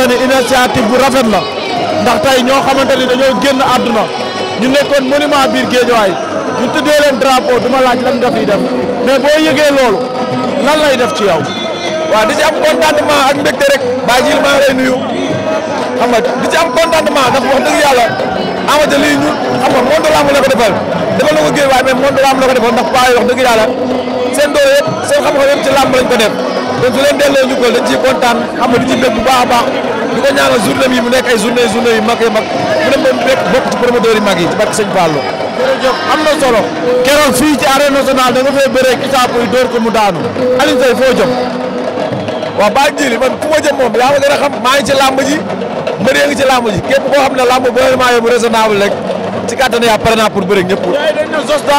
xamante ni initiative bu rafet la ndax tey ñoo xamante ni dañoo génn àdduna ñu nekkoon monument biir géejawaay ñu tuddee leen drapeau du ma laaj lan nga fiy def mais boo yëgee loolu lan lay def ci yow. waaw di ci am contentement ak mbégte rek bàyyi ji maa ngi lay nuyu xam nga di ci am contentement ndax wax dëgg yàlla amata lii ñu xam nga monde la ko defal na ko géej waaye mais monde lamb la ko defal ndax paa yi wax dëgg yàlla seen doole yëpp seen xam-xam yëpp ci lamb lañ ko def. kon su delloo ñu ko dañ kontaan xam di ci bëgg bu baax a baax di ko ñaanal journée mu nekk ay journée journée yu mag yi mu dem ba mu bokk ci promoteur yu mag yi ci barke Sëñ Fallou. am na solo keroog fii ci arène nationale da nga fay bëree Issa Pouye ko mu daanu Alioune foo jëm. waaw baa jili man fu ma jëm moom yaa ma gën a xam maa ngi ci làmb ji mbër yaa ci làmb ji képp koo xam ne làmb booy maa yóbbu raisonnable rek ci kàttan yaa pare naa pour bëri daa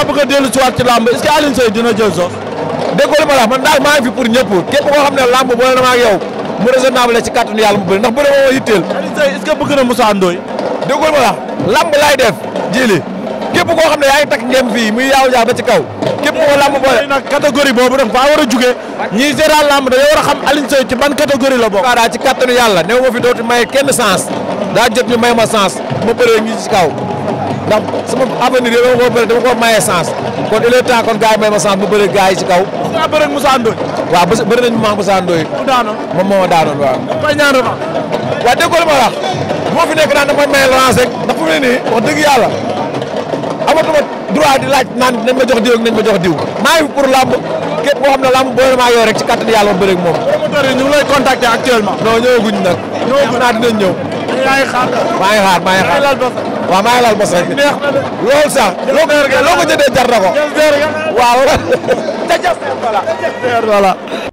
bëgg a dellu si waat ci làmb est-ce que Alioune Seye dina jël Zoss déggoo ma la man daal maa ngi fi pour ñëpp képp koo xam ne làmb boole na ma ak yow mu raisonnable ci kàttanu yàlla mu bëri ndax bëri moo ma yitteel. est-ce que bëgg na Moussa Ndoye. déggoo ma la làmb laay def jili képp koo xam ne yaa ngi takk ngeen fii muy yaaw jaa ba ci kaw képp koo làmb boole nag catégorie boobu nag faa war a jugee ñiy seetaan làmb dañoo war a xam Alioune Seye ci ban catégorie la bokk daa ci kàttanu yàlla néew ma fi dootu may kenn sens daa jot ñu may ma sens ma bëree ngi ci kaw ndax sama avenir yooyu dama ko dama ko maye sens kon il est temps kon gars yi may ma sens mu bëri gars yi ci kaw. waaw bëri nañ Moussa Ndoye. waaw ma daanoon waaw. koy ñaan revanche. waaw dégg nga ma fi nekk naan damay maye revanche rek ndax fu mu ne nii wax dëgg yàlla amatuma droit di laaj naan nañ ma jox diw ak nañ ma jox diw maa ngi pour làmb képp koo xam ne làmb boole maa yoo ci kattan yàlla ma bëri moom. promoteurs yi ñu ngi lay contacter actuellement. non ñëwaguñ nag. ñëwaguñ naa dinañ ñëw. maa ngi xaar maa ngi xaar maa ngi xaar waaw maa ngi lal bos rek loolu sax loo ko jëndee jar na ko waaw voilà